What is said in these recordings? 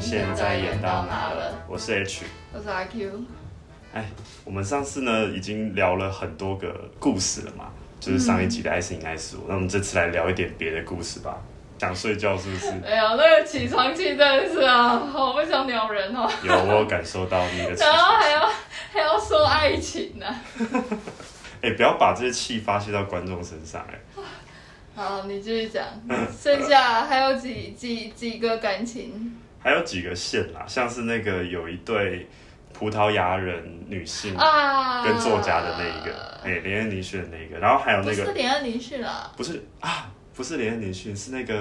現在演到哪了？我是 H，我是 RQ。哎，我們上次呢已經聊了很多個故事了嘛，就是上一集的愛是您，愛是我。 S 5, 那我們這次來聊一點別的故事吧。想睡覺是不是？哎呀，那個起床氣真的是啊，好不想鳥人哦、啊。有，我有感受到你的。然後還要還要說愛情呢、啊。哎， 不要把這些氣發洩到觀眾身上哎、欸。好，你繼續講，剩下還有幾 幾幾個感情？還有幾個線啦，像是那個有一對葡萄牙人女性跟作家的那一個，哎、啊，欸、連恩·尼遜的那一個，然後還有那個不是連恩·尼遜啦，不是啊，不是連恩·尼遜，是那個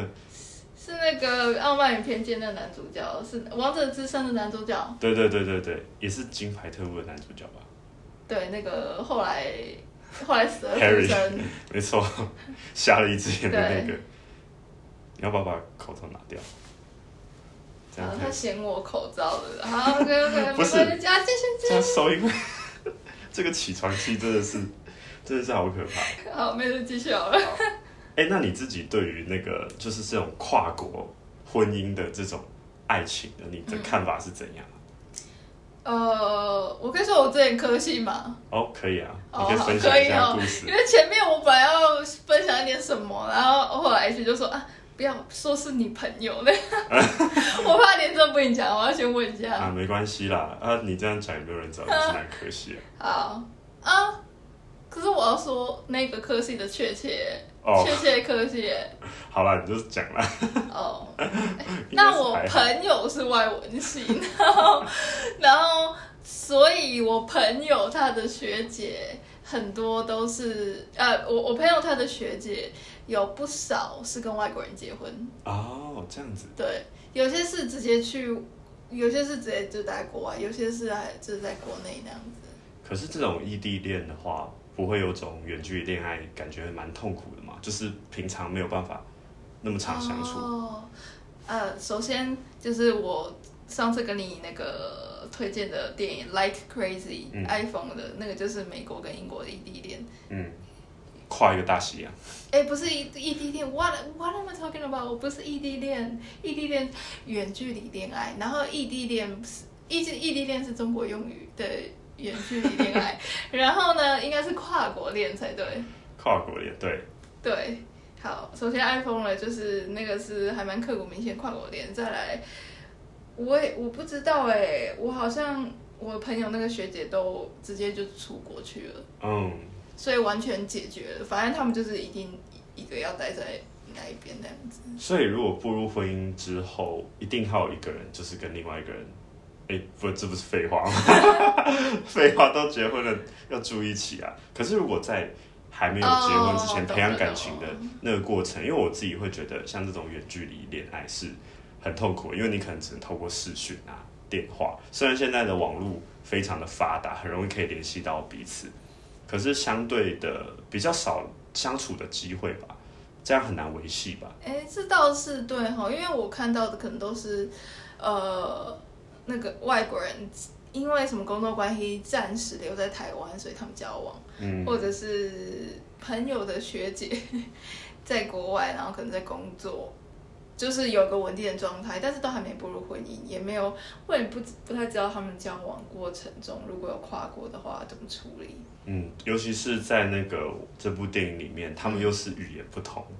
是那個《傲慢與偏見》的男主角，是《王者之聲》的男主角，對對對對對，也是金牌特務的男主角吧？對，那個後來後來死了 Harry 沒錯，瞎了一隻眼的那個，對你要不要把口罩拿掉？然後他嫌我口罩了然後以可以，我們家繼續繼續。所以這，這個起床氣真的是， 真的是好可怕。好，沒事，繼續好了。哎、欸，那你自己對於那個就是這種跨國婚姻的這種愛情的，你的看法是怎樣？嗯、呃，我可以說我這點個性嘛。哦，可以啊，哦、你可以分享一下、哦、故事。因為前面我本來要分享一點什麼，然後後來 H 就說啊。不要說是你朋友 我怕連着不跟你講，我要先問一下。啊，沒關係啦，啊，你這樣講一個人找你是來科系？啊啊、好啊，可是我要說那個科系的確切，確、oh, 切科系。好了，你就是講了、 oh, 欸。哦，那我朋友是外文系，然後， 然後，然後所以我朋友他的學姐。很多都是呃，我我朋友他的學姐有不少是跟外國人結婚哦，這樣子。對，有些是直接去，有些是直接就在國外，有些是在就是在國內那樣子。可是這種異地戀的話，不會有種遠距離戀愛感覺蠻痛苦的嘛？就是平常沒有辦法那麼常相處。哦。呃，首先就是我上次跟你那個。推薦的電影《Like Crazy》，嗯，iPhone 的那個就是美國跟英國的異地戀。嗯，跨一個大西洋。哎、欸,不是異異地戀。What What am I talking about？我不是異地戀，異地戀，遠距離戀愛。然後異地戀，異異地戀是中國用語的遠距離戀愛。 然後呢，應該是跨國戀才對。跨國戀，對。對，好，首先 iPhone 呢，就是那個是還蠻刻骨銘心跨國戀。再來。我也我不知道哎、欸，我好像我朋友那個學姐都直接就出國去了，嗯，所以完全解決了。反正他們就是一定一個要待在那一邊那樣子。所以如果步入婚姻之後，一定還有一個人就是跟另外一個人，哎、欸，不，這不是廢話嗎？廢 話都結婚了要住一起啊。可是如果在還沒有結婚之前、哦、懂懂培養感情的那個過程，因為我自己會覺得像這種遠距離戀愛是。很痛苦，因為你可能只能透過視訊啊、電話。雖然現在的網絡非常的發達，很容易可以聯繫到彼此，可是相對的比較少相處的機會吧，這樣很難維繫吧？哎、欸，這倒是對齁，因為我看到的可能都是，呃，那個外國人因為什麼工作關係暫時留在台灣，所以他們交往，嗯，或者是朋友的學姐在國外，然後可能在工作。就是有個穩定的狀態，但是都還沒步入婚姻，也沒有，我也不不太知道他們交往過程中如果有跨國的話怎麼處理。嗯，尤其是在那個這部電影裡面，他們又是語言不同，嗯、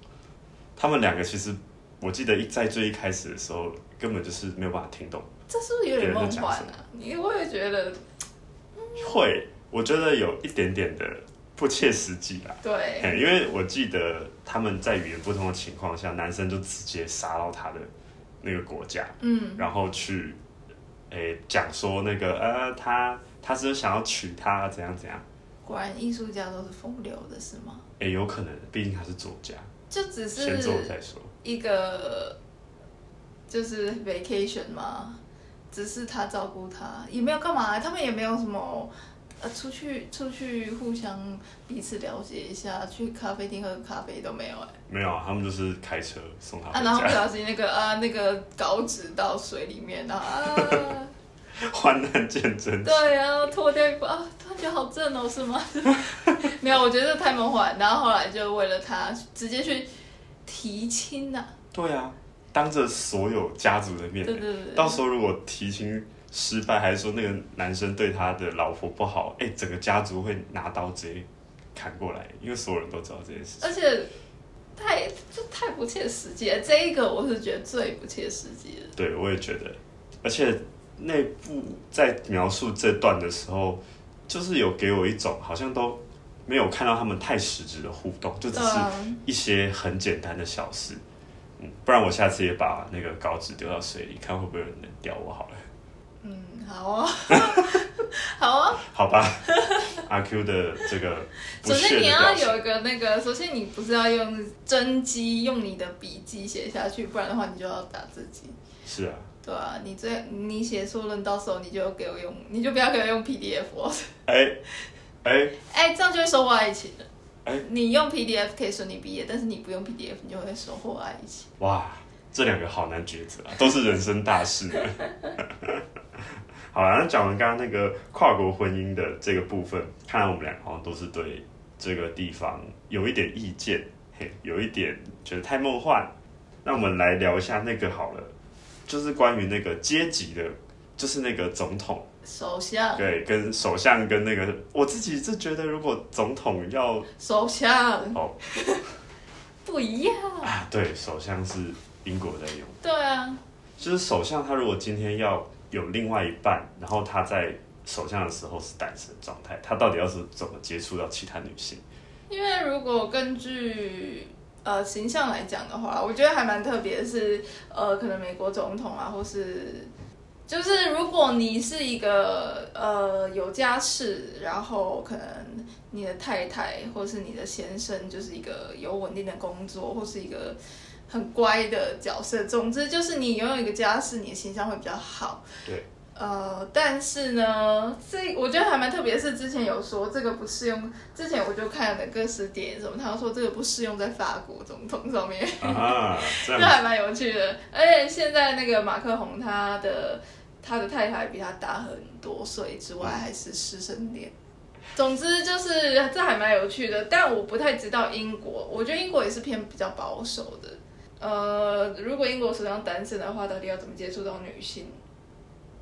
他們兩個其實，我記得一，在最一開始的時候，根本就是沒有辦法聽懂。這是不是有點夢幻呢？啊？你會覺得，嗯、會，我覺得有一點點的。不切實際吧？對，因為我記得他們在語言不通的情況下，男生就直接殺到他的那個國家，嗯，然後去，誒，講說那個，呃，他他是想要娶她，怎樣怎樣。果然藝術家都是風流的是嗎？誒，有可能，畢竟他是作家。就只是先做再說一個，就是 vacation 嘛，只是他照顧他，也沒有幹嘛，他們也沒有什麼。出去出去互相彼此了解一下，去咖啡廳喝咖啡都沒有哎、欸。沒有啊，他們就是開車送他回家啊，然後不小心那個啊，那個稿紙到水裡面啊。 患難見真情。對啊，脫掉衣服啊，脫掉好震哦，是嗎？ 沒有，我覺得這太夢幻。然後後來就為了他，直接去提親了、啊。對啊，當着所有家族的面。對，對對對。到時候如果提親。失敗還是說那個男生對他的老婆不好？哎，整個家族會拿刀直接砍過來，因為所有人都知道這件事情。而且，太太不切實際了，這一個我是覺得最不切實際的。對，我也覺得，而且那部在描述這段的時候，就是有給我一種好像都沒有看到他們太實質的互動，就只是一些很簡單的小事。啊嗯、不然我下次也把那個稿紙丟到水裡，看會不會有人能釣我好了。好啊，好啊，好吧。R Q 的這個的，首先你要有一個那個，首先你不是要用真機，用你的筆記寫下去，不然的話你就要打自己。是啊，對啊，你這你寫碩論到時候你就給我用，你就不要給我用 PDF，哦。哎、欸，哎、欸，哎、欸，這樣就會收穫愛情。哎、欸，你用 PDF 可以順利畢業，但是你不用 PDF，你就會收穫愛情。哇，這兩個好難抉擇啊，都是人生大事。 好了，那講完剛剛那個跨國婚姻的這個部分，看來我們倆好像都是對這個地方有一點意見，嘿，有一點覺得太夢幻。那我們來聊一下那個好了，就是關於那個階級的，就是那個總統、首相。對，跟首相跟那個我自己是覺得，如果總統要首相哦，oh. 不一樣啊，對，首相是英國在用，對啊，就是首相他如果今天要。有另外一半，然後他在首相的時候是單身狀態，他到底要是怎麼接觸到其他女性？因為如果根據呃形象來講的話，我覺得還蠻特別是，是呃可能美國總統啊，或是就是如果你是一個呃有家室，然後可能你的太太或是你的先生就是一個有穩定的工作或是一個。很乖的角色，總之就是你擁有一個家世，你的形象會比較好。對。呃，但是呢，這我覺得還蠻特別，是之前有說這個不適用，之前我就看了歌詞點什麼，他們說這個不適用在法國總統上面，啊、這，這還蠻有趣的。而且現在那個馬克宏，他的他的太太比他大很多歲，所以之外還是師生戀。嗯、總之就是這還蠻有趣的，但我不太知道英國，我覺得英國也是偏比較保守的。呃，如果英國首相單身的話，到底要怎麼接觸到女性？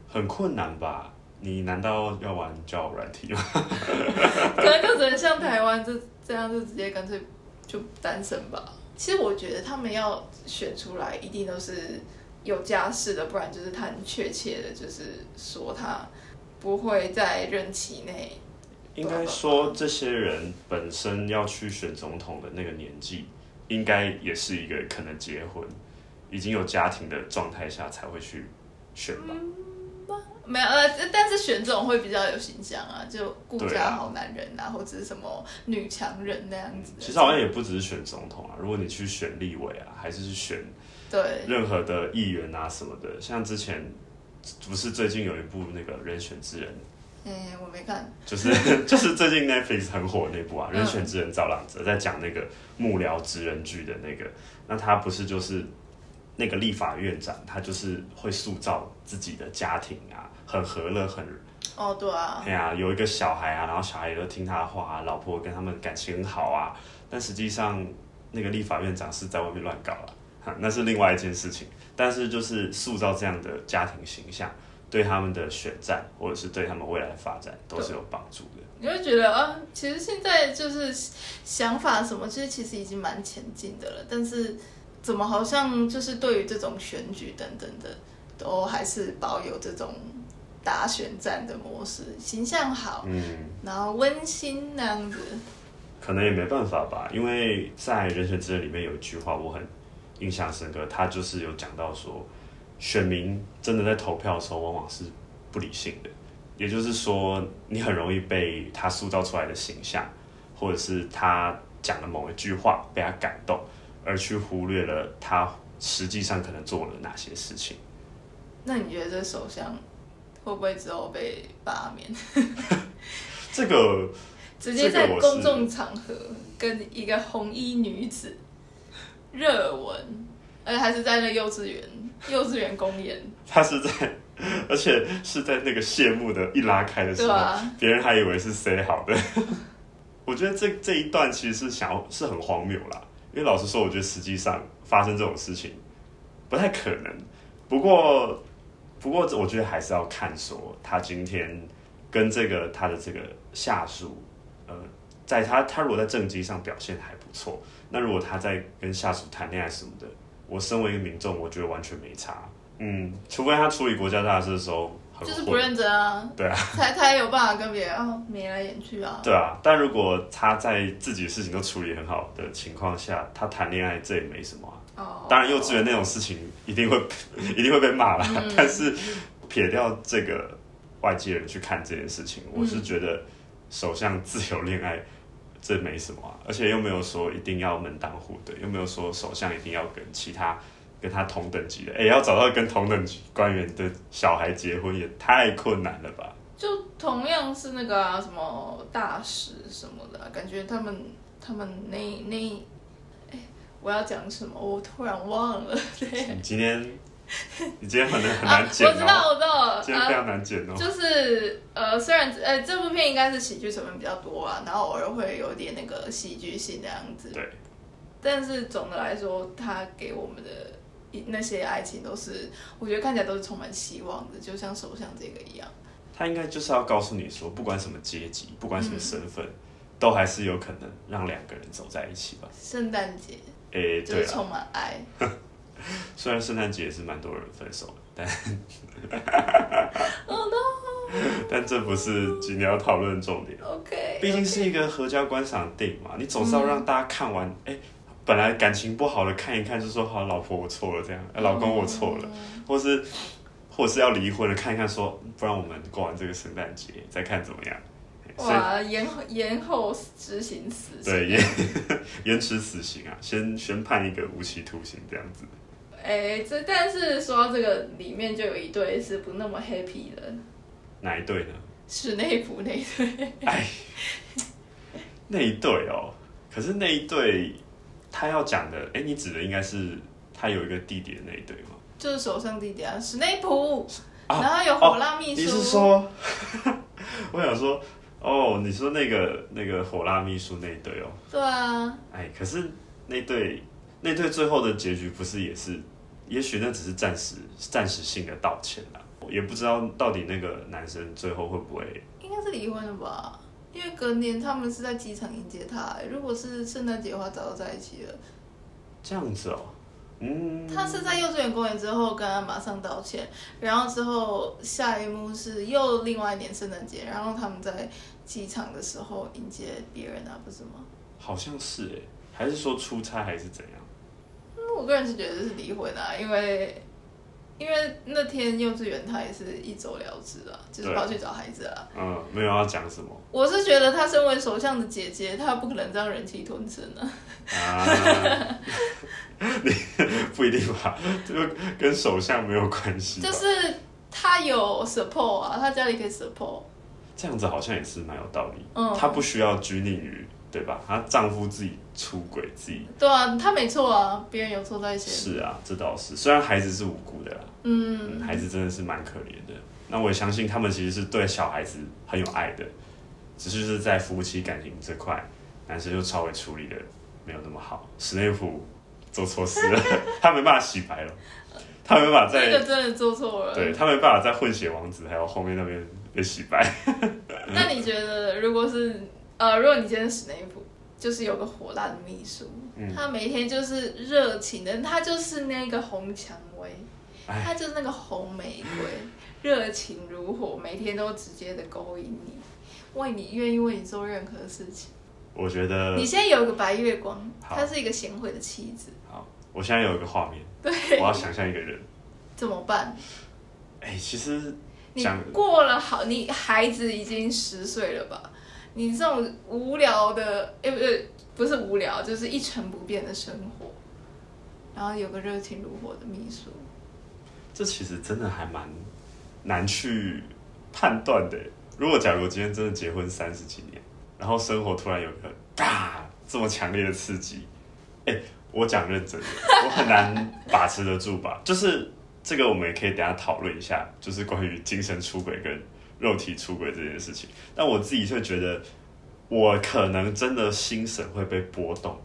很困難吧？你難道要玩交友軟件嗎？可 能 可能像台灣這這樣就直接乾脆就單身吧。其實我覺得他們要選出來，一定都是有家室的，不然就是他很確切的，就是說他不會在任期內。應該說，這些人本身要去選總統的那個年紀。 應該也是一個可能結婚，已經有家庭的狀態下才會去選吧？嗯、沒有呃，但是選總會比較有形象啊，就顧家好男人啊，啊或者什麼女強人那樣子，嗯。其實好像也不只是選總統啊，嗯、如果你去選立委啊，還是去選對任何的議員啊什麼的，對像之前不是最近有一部那個人選之人。哎、嗯，我沒看， 就是就是最近 Netflix 很火的那部啊，《人選之人》造浪者在講那個幕僚職人劇的那個，那他不是就是那個立法院長，他就是會塑造自己的家庭啊，很和樂很，哦對啊，哎呀、啊，有一個小孩啊，然後小孩也都聽他話、啊，老婆跟他們感情很好啊，但實際上那個立法院長是在外面亂搞了、啊嗯，那是另外一件事情，但是就是塑造這樣的家庭形象。對他們的選戰，或者是對他們未來的發展，都是有幫助的。你會覺得啊，其實現在就是想法什麼，其實其實已經蠻前進的了。但是怎麼好像就是對於這種選舉等等的，都還是保有這種打選戰的模式，形象好，嗯，然後溫馨那樣子。可能也沒辦法吧，因為在《人選之人》裡面有一句話我很印象深刻，他就是有講到說。選民真的在投票的時候往往是不理性的，也就是說，你很容易被他塑造出來的形象，或者是他講的某一句話被他感動，而去忽略了他實際上可能做了哪些事情。那你覺得這首相會不會之後被罷免？ 這個直接在公眾場合跟一個紅衣女子熱吻。熱而且還是在那幼稚園，幼稚園公演。他是在，而且是在那個謝幕的一拉開的時候，別、啊、人還以為是誰好的。 我覺得這這一段其實是想要是很荒謬啦。因為老實說，我覺得實際上發生這種事情不太可能。不過，不過我覺得還是要看說他今天跟這個他的這個下屬，呃，在他他如果在政績上表現還不錯，那如果他在跟下屬談戀愛什麼的。我身為一個民眾，我覺得完全沒差。嗯，除非他處理國家大事的時候很，就是不認真啊。對啊。他他也有辦法跟別人、哦、眉來眼去啊。對啊，但如果他在自己的事情都處理很好的情況下，他談戀愛這也沒什麼、啊 oh, 當然，幼稚園那種事情一定會、oh, okay. 一定會被罵啦。嗯、但是撇掉這個外界人去看這件事情，嗯、我是覺得首相自由戀愛。這沒什麼、啊，而且又沒有說一定要門當戶對，又沒有說首相一定要跟其他跟他同等級的，哎，要找到跟同等級官員的小孩結婚也太困難了吧？就同樣是那個、啊、什麼大使什麼的、啊，感覺他們他們那那、哎，我要講什麼？我突然忘了。你今天。 你今天很難很難剪、喔啊，我知道，我知道了，今天非常難剪哦、喔啊。就是呃，雖然呃，這部片應該是喜劇成分比較多啊，然後偶爾會有點那個喜劇性的樣子。對。但是總的來說，他給我們的那些愛情都是，我覺得看起來都是充滿希望的，就像首相這個一樣。他應該就是要告訴你說，不管什麼階級，不管什麼身份，嗯、都還是有可能讓兩個人走在一起吧。聖誕節，哎、欸，對、啊，就是充滿愛。 雖然聖誕節也是蠻多人分手的，但 但這不是今天要討論的重點。OK, okay. 畢竟是一個合家觀賞電影嘛，你總是要讓大家看完。哎、嗯欸，本來感情不好的看一看，就說好，老婆，我錯了這樣。哎、欸，老公，我錯了、嗯或，或是或是要離婚了看一看說，說不然我們過完這個聖誕節再看怎麼樣？欸、哇，延後延後執行死刑？對，延延遲死刑啊，先宣判，一個無期徒刑這樣子。誒，這但是說到這個裡面就有一對是不那麼 happy 的，哪一對呢？史內普那一對。哎， 那一對哦，可是那一對他要講的，哎，你指的應該是他有一個弟弟的那一對嗎？就是首相弟弟啊，史內普，啊、然後有火辣秘書。啊哦、你是說？ 我想說，哦，你說那個那個火辣秘書那一對哦。對啊。哎，可是那對那對最後的結局不是也是？也許那只是暫時、暫時性的道歉啦，我也不知道到底那個男生最後會不會？應該是離婚了吧，因為隔年他們是在機場迎接他欸。如果是聖誕節的話，早就在一起了。這樣子哦、喔，嗯。他是在幼稚園公園之後，跟他馬上道歉，然後之後下一幕是又另外一年聖誕節，然後他們在機場的時候迎接別人啊，不是嗎？好像是哎、欸，還是說出差還是怎樣？我個人是覺得這是離婚啊，因為因為那天幼稚園他也是一走了之啊，對就是跑去找孩子啊。嗯，沒有要講什麼。我是覺得他身為首相的姐姐，他不可能這樣忍氣吞聲的啊。啊 不一定吧，就跟首相沒有關係。就是他有 support 啊，他家裡可以 support。這樣子好像也是蠻有道理。嗯。他不需要拘泥於。對吧？她丈夫自己出軌，自己對啊，她沒錯啊，別人有錯在先。是啊，這倒是，雖然孩子是無辜的啦，嗯，嗯，孩子真的是蠻可憐的。那我也相信他們其實是對小孩子很有愛的，只是是在夫妻感情這塊，男生就稍微處理得沒有那麼好。史內普做錯事了， 他沒辦法洗白了，他沒辦法再，這個真的做錯了，對他沒辦法在混血王子還有後面那邊被洗白。 那你覺得如果是？呃，如果你今天是史內普，就是有個火辣的秘書，嗯、他每天就是熱情的，他就是那個紅薔薇，唉他就是那個紅玫瑰，熱唉情如火，每天都直接的勾引你，為你願意為你做任何事情。我覺得你現在有一個白月光，她好是一個賢惠的妻子。好，我現在有一個畫面，對我要想象一個人，怎麼辦？哎、欸，其實你過了好，你孩子已經十歲了吧？你這種無聊的，哎，不，不是無聊，就是一成不變的生活，然後有個熱情如火的秘書，這其實真的還蠻難去判斷的。如果假如我今天真的結婚三十幾年，然後生活突然有個大，這麼強烈的刺激，哎，我講認真的，我很難把持得住吧？ 就是這個，我們也可以等下討論一下，就是關於精神出軌跟。肉體出軌這件事情，但我自己會覺得，我可能真的心神會被波動。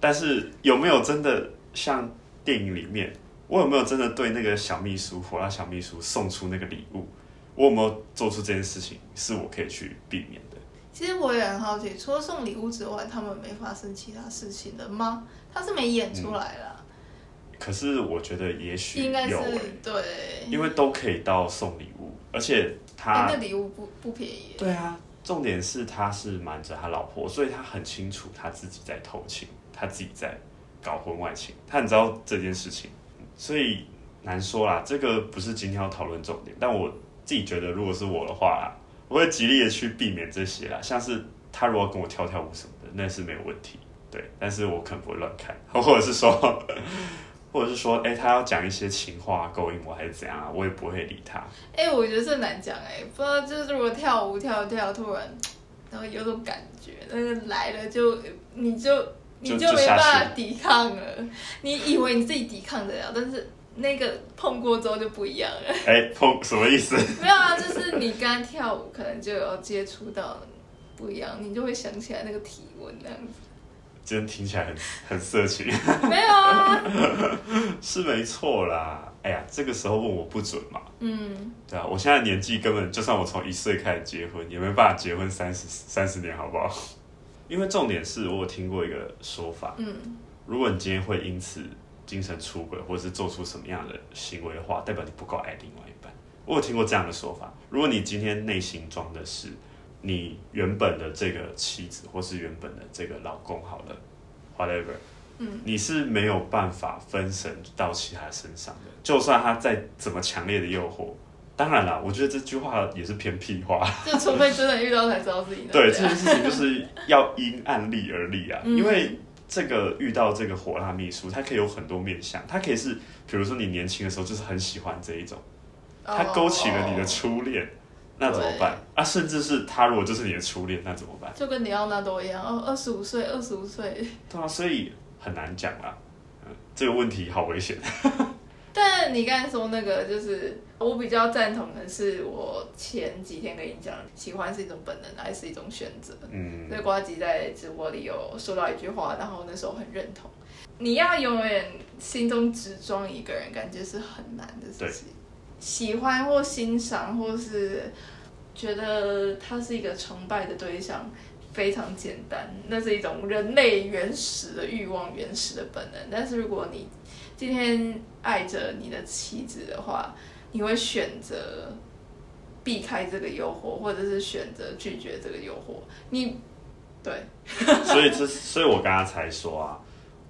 但是有沒有真的像電影裡面，我有沒有真的對那個小秘書，火辣小秘書送出那個禮物？我有沒有做出這件事情，是我可以去避免的。其實我也很好奇，除了送禮物之外，他們沒發生其他事情的嗎？他是沒演出來啦、嗯。可是我覺得，也許應該是對，因為都可以到送禮物，而且。他的禮物不不便宜。對啊，重點是他是瞞着他老婆，所以他很清楚他自己在偷情，他自己在搞婚外情，他很知道這件事情，所以難說啦。這個不是今天要討論重點，但我自己覺得，如果是我的話，我會極力的去避免這些啦。像是他如果跟我跳跳舞什麼的，那是沒有問題，對。但是我可能不會亂看，或者是說。 或者是說，哎、欸，他要講一些情話勾引我，還是怎樣啊？我也不會理他。哎、欸，我覺得這難講，哎，不知道，就是如果跳舞跳跳，突然然後有種感覺，但是來了就你就你就沒辦法抵抗了。了你以為你自己抵抗得了，但是那個碰過之後就不一樣了。哎、欸，碰什麼意思？ 沒有啊，就是你剛跳舞可能就有接觸到，不一樣，你就會想起來那個體溫那樣子。真聽起來很很色情。 沒有啊，是沒錯啦。哎呀，這個時候問我不準嘛。嗯。對啊，我現在年紀根本，就算我從一歲開始結婚，也沒辦法結婚三十三十年，好不好？因為重點是我有聽過一個說法。嗯。如果你今天會因此精神出軌，或是做出什麼樣的行為的話，代表你不夠愛另外一半。我有聽過這樣的說法。如果你今天內心裝的是。你原本的這個妻子，或是原本的這個老公，好了，whatever，，嗯，你是沒有辦法分神到其他身上的，就算他再怎麼強烈的誘惑，當然了，我覺得這句話也是偏屁話，就除非真的遇到才知道自己 對，這樣， 這件事情就是要因案例而立啊，嗯、因為這個遇到這個火辣秘書，他可以有很多面向，他可以是，比如說你年輕的時候就是很喜歡這一種，他勾起了你的初戀。Oh, oh. 那怎麼辦對啊？甚至是他如果就是你的初戀，那怎麼辦？就跟李奧納多一樣，哦，二十五歲，二十五歲。對啊，所以很難講啊。嗯，這個問題好危險。 但你剛才說那個，就是我比較贊同的是，我前幾天跟你講，喜歡是一種本能，愛是一種選擇。嗯。所以呱吉在直播裡有說到一句話，然後那時候很認同。你要永遠心中只裝一個人，感覺是很難的事情。喜歡或欣賞，或是覺得他是一個崇拜的對象，非常簡單，那是一種人類原始的慾望、原始的本能。但是如果你今天愛着你的妻子的話，你會選擇避開這個誘惑，或者是選擇拒絕這個誘惑。你對？ 所以這，所以我剛剛才說啊，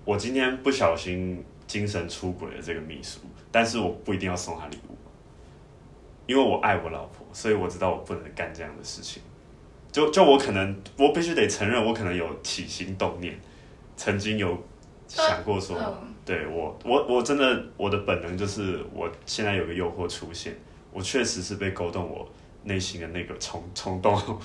我今天不小心精神出軌了這個秘書，但是我不一定要送他禮。因為我愛我老婆，所以我知道我不能幹這樣的事情。就就我可能，我必須得承認，我可能有起心動念，曾經有想過說，啊哦、對我，我我真的，我的本能就是，我現在有個誘惑出現，我確實是被勾動我內心的那個衝衝動。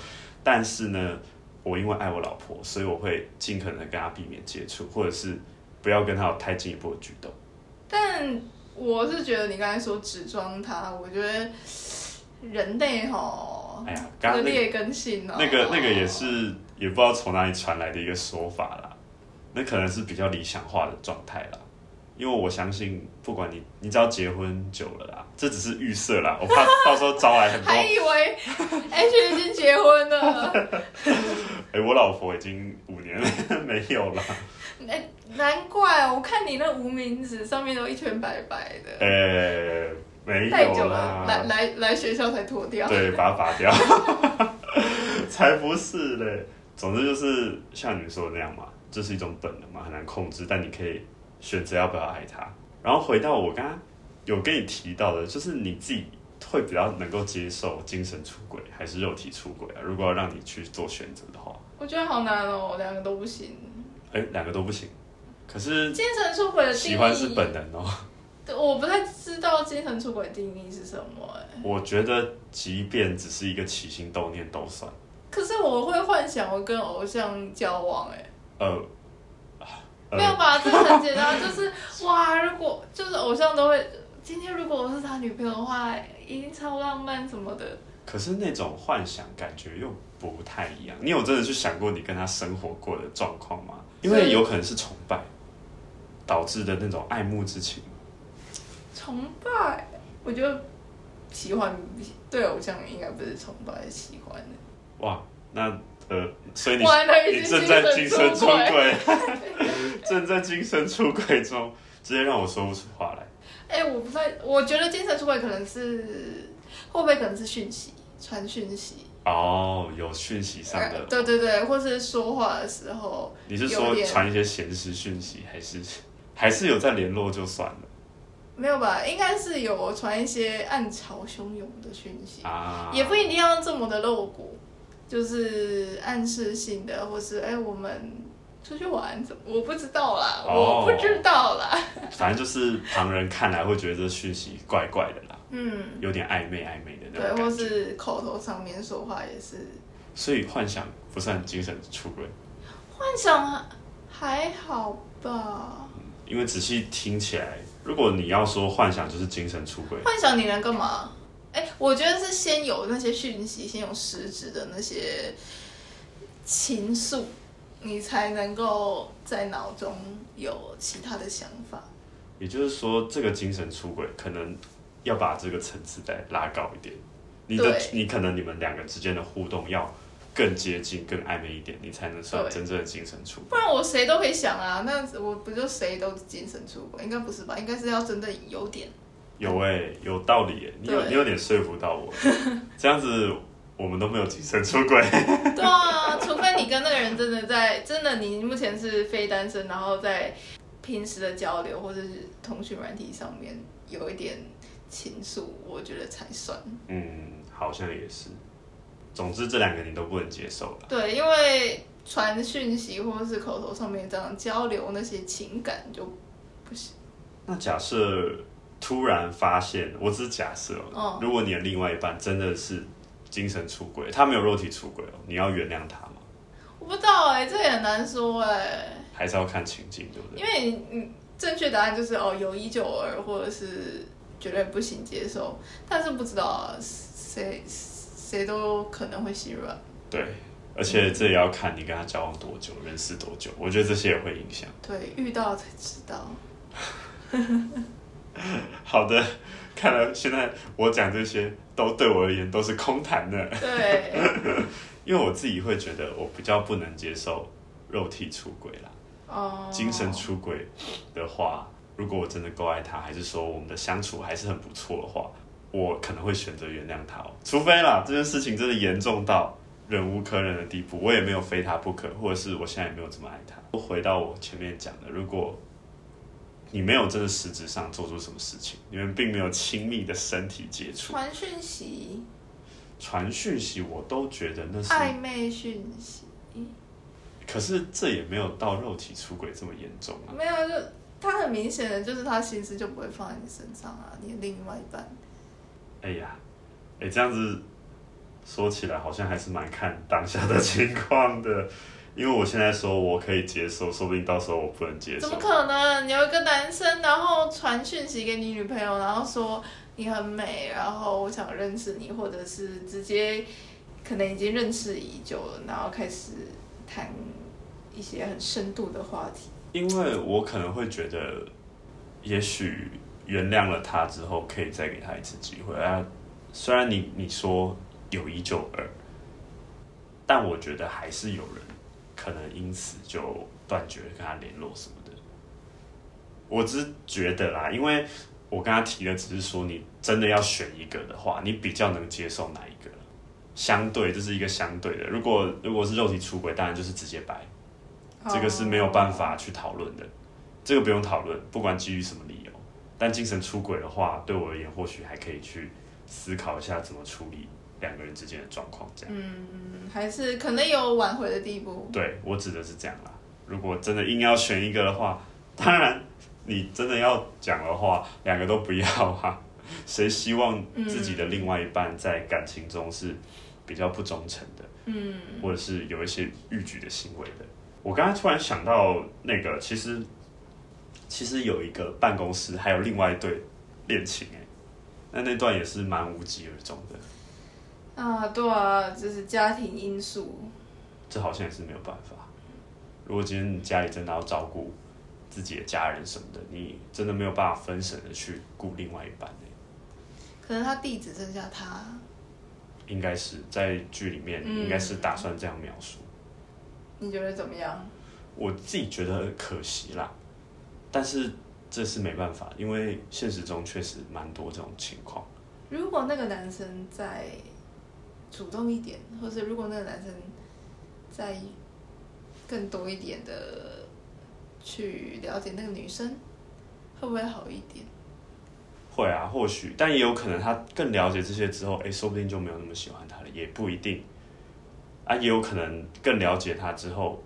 但是呢，我因為愛我老婆，所以我會盡可能跟她避免接觸，或者是不要跟她有太進一步的舉動。但我是覺得你剛才說只裝他，我覺得人類吼，哎呀，那劣那個、哦、那個也是也不知道從哪裡傳來的一個說法啦，那可能是比較理想化的狀態啦。因為我相信，不管你你只要結婚久了啦，這只是預設啦，我怕到時候招來很多人。 還以為 H 已經結婚了。哎、 欸，我老婆已經五年沒有了。哎，難怪哦！我看你那無名指上面都一圈白白的。哎、欸，沒有太久了，來來來學校才脫掉。對，把它拔掉。 才不是嘞！總之就是像你說的那樣嘛，就是一種本能嘛，很難控制。但你可以選擇要不要愛他。然後回到我剛剛有跟你提到的，就是你自己會比較能夠接受精神出軌還是肉體出軌啊？如果要讓你去做選擇的話，我覺得好難哦，兩個都不行。哎，兩個都不行，可是精神出軌的喜歡是本能哦。對，我不太知道精神出軌的定義是什麼？哎，我覺得，即便只是一個起心動念都算。可是我會幻想我跟偶像交往，哎。呃，沒有吧？這很簡單，就是哇，如果就是偶像都會，今天如果我是他女朋友的話，一定超浪漫什麼的。可是那種幻想感覺又不太一樣。你有真的去想過你跟他生活過的狀況嗎？因為有可能是崇拜，以導致的那種愛慕之情。崇拜？我覺得喜歡，對偶像應該不是崇拜，是喜歡的。哇，那呃，所以你你正在精神出軌， 正在精神出軌中，直接讓我說不出話來。哎、欸，我不太，我覺得精神出軌可能是會不會可能是訊息傳訊息。哦，oh, 有訊息上的、呃，對對對，或是說話的時候，你是說傳一些閒時訊息，點還是還是有在聯絡就算了？沒有吧，應該是有傳一些暗潮洶湧的訊息，oh. 也不一定要這麼的露骨，就是暗示性的，或是哎，我們出去玩怎麼？我不知道啦，oh. 我不知道啦，反正就是旁人看來會覺得這訊息怪怪的。嗯，有點曖昧曖昧的那種感覺，對，或是口頭上面說話也是。所以幻想不算精神出軌。幻想還好吧？因為仔細聽起來，如果你要說幻想就是精神出軌，幻想你能幹嘛？欸，我覺得是先有那些訊息，先有實質的那些情愫，你才能夠在腦中有其他的想法。也就是說，這個精神出軌可能，要把這個層次再拉高一點，你的對你可能你們兩個之間的互動要更接近、更曖昧一點，你才能算真正的精神出軌。不然我誰都可以想啊，那我不就誰都精神出軌？應該不是吧？應該是要真的有點。有哎、欸，有道理誒、欸，對你有你有點說服到我， 這樣子我們都沒有精神出軌。對啊，除非你跟那個人真的在，真的你目前是非單身，然後在平時的交流或者是，是通訊軟體上面有一點。情愫，我覺得才算。嗯，好像也是。總之，這兩個你都不能接受了。對，因為傳訊息或者是口頭上面這樣交流那些情感就不行。那假設突然發現，我只是假設，哦、如果你的另外一半真的是精神出軌，他沒有肉體出軌哦、喔，你要原諒他嗎？我不知道哎、欸，這也很難說哎、欸。還是要看情境，對不對？因為，你正確答案就是哦，有一九二或者是。絕對不行接受，但是不知道誰誰都可能會心軟。對，而且這也要看你跟他交往多久、認識多久，我覺得這些也會影響。對，遇到才知道。 好的，看來現在我講這些都對我而言都是空談呢。對， 因為我自己會覺得我比較不能接受肉體出軌啦哦，oh. 精神出軌的話。如果我真的夠愛他，還是說我們的相處還是很不錯的話，我可能會選擇原諒他哦。除非啦，這件事情真的嚴重到忍無可忍的地步，我也沒有非他不可，或者是我現在也沒有這麼愛他。回到我前面講的，如果你沒有真的實質上做出什麼事情，你們並沒有親密的身體接觸，傳訊息，傳訊息，我都覺得那是曖昧訊息。可是這也沒有到肉體出軌這麼嚴重啊。沒有就。他很明顯的就是他心思就不會放在你身上啊，你另外一半。哎呀，哎這樣子說起來好像還是蠻看當下的情況的，因為我現在說我可以接受，說不定到時候我不能接受。怎麼可能，你有一個男生然後傳訊息給你女朋友，然後說你很美，然後我想認識你，或者是直接可能已經認識你已久了，然後開始談一些很深度的話題。因為我可能會覺得，也許原諒了他之後，可以再給他一次機會啊。雖然你你說有一就二。但我覺得還是有人可能因此就斷絕跟他聯絡什麼的。我只是覺得啦、啊，因為我跟他提的只是說，你真的要選一個的話，你比較能接受哪一個？相對這是一個相對的，如果如果是肉體出軌，當然就是直接掰。這個是沒有辦法去討論的，這個不用討論，不管基於什麼理由。但精神出軌的話，對我而言或許還可以去思考一下怎麼處理兩個人之間的狀況。這樣，嗯，還是可能有挽回的地步。對，我指的是這樣啦。如果真的硬要選一個的話，當然你真的要講的話，兩個都不要啊。誰希望自己的另外一半在感情中是比較不忠誠的，嗯，或者是有一些逾矩的行為的？我剛才突然想到，那個其實，其實有一個辦公室，還有另外一對戀情哎，那那段也是蠻無疾而終的。啊，對啊，就是家庭因素。這好像也是沒有辦法。如果今天你家裡真的要照顧自己的家人什麼的，你真的沒有辦法分神的去顧另外一半哎。可能他弟只剩下他。應該是在劇裡面，應該是打算這樣描述。嗯你覺得怎麼樣？我自己覺得可惜啦，但是這是沒辦法，因為現實中確實蠻多這種情況。如果那個男生再主動一點，或者如果那個男生再更多一點的去了解那個女生，會不會好一點？會啊，或許，但也有可能他更了解這些之後，哎，說不定就沒有那麼喜歡他了，也不一定。他也有可能更了解他之後，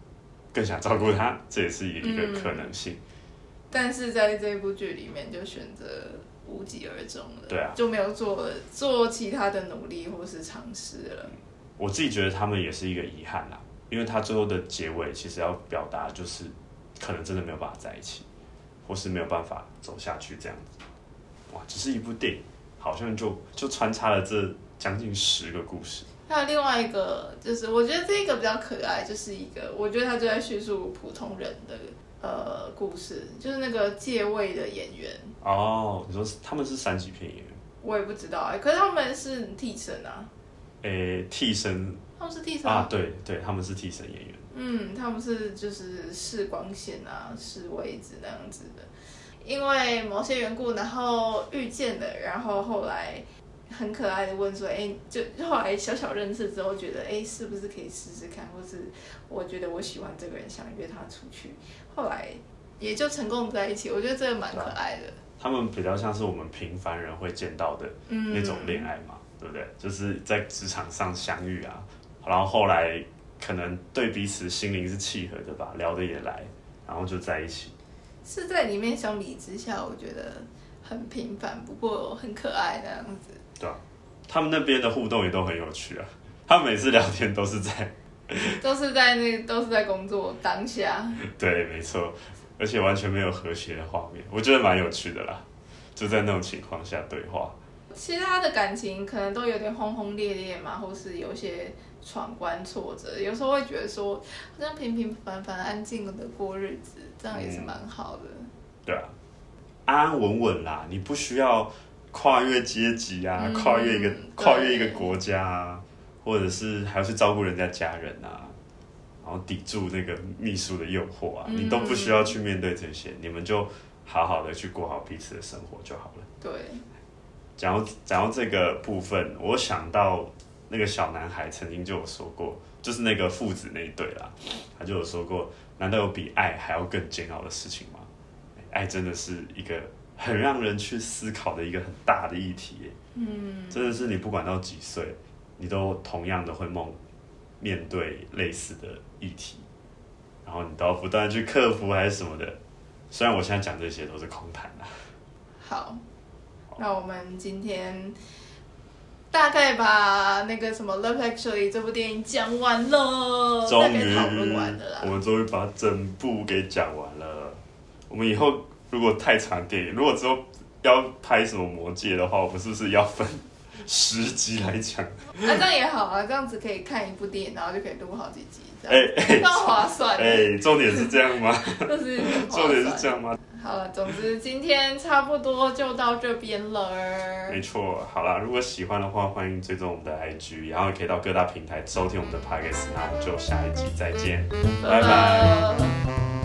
更想照顧他， 嗯、這也是一個可能性。但是在這部劇裡面，就選擇無疾而終了。對啊，就沒有做做其他的努力或是嘗試了。我自己覺得他們也是一個遺憾啦，因為他最後的結尾其實要表達就是，可能真的沒有辦法在一起，或是沒有辦法走下去這樣子。哇，只是一部電影好像就就穿插了這將近十個故事。還有另外一個，就是我覺得這個比較可愛，就是一個我覺得他就在敘述普通人的呃故事，就是那個借位的演員。哦，oh, 你說他們是三級片演員？我也不知道哎、欸，可是他們是替身啊。誒、欸，替身？他們是替身啊？對對，他們是替身演員。嗯，他們是就是試光線啊，試位置那樣子的，因為某些緣故，然後遇見了，然後後來。很可愛的問說：“哎、欸，就後來小小認識之後，覺得哎、欸，是不是可以試試看？或是我覺得我喜歡這個人，想約他出去。後來也就成功在一起。我覺得這個蠻可愛的。他們比較像是我們平凡人會見到的那種戀愛嘛，嗯、對不對？就是在職場上相遇啊，然後後來可能對彼此心靈是契合的吧，聊得也來，然後就在一起。是在裡面相比之下，我覺得很平凡，不過很可愛那樣子。”對、啊、他們那邊的互動也都很有趣啊。他每次聊天都是在 ，都是在那都是在工作當下。對，沒錯，而且完全沒有和諧的畫面，我覺得蠻有趣的啦。就在那種情況下對話，其他的感情可能都有點轟轟烈烈嘛，或是有些闖關挫折，有時候會覺得說好像平平凡凡、安靜的過日子，這樣也是蠻好的、嗯。對啊，安安穩穩啦，你不需要。跨越階級啊，跨越一個、嗯、跨越一個國家啊，或者是還要去照顧人家家人啊，然後抵住那個秘書的誘惑啊，嗯、你都不需要去面對這些，你們就好好的去過好彼此的生活就好了。對。講到講到這個部分，我想到那個小男孩曾經就有說過，就是那個父子那一對啦，他就有說過，難道有比愛還要更煎熬的事情嗎？愛真的是一個。很讓人去思考的一個很大的議題，嗯，真的是你不管到幾歲，你都同樣的會夢面對類似的議題，然後你都要不斷去克服還是什麼的。雖然我現在講這些都是空談啦。好，那我們今天大概把那個什麼《Love Actually》這部電影講完了，終於討論完了，我們終於把整部給講完了，我們以後。如果太長電影，如果之後要拍什麼魔戒的話，我們是不是要分十集來講？那、啊、這樣也好啊，這樣子可以看一部電影，然後就可以錄好幾集，這樣哎哎、欸欸、划算是是。哎、欸，重點是這樣嗎？ 就是就是、重點是這樣嗎？好了，總之今天差不多就到這邊了。沒錯，好了，如果喜歡的話，歡迎追蹤我們的 IG，然後也可以到各大平台收聽我們的 Podcast 那我們就下一集再見，拜拜。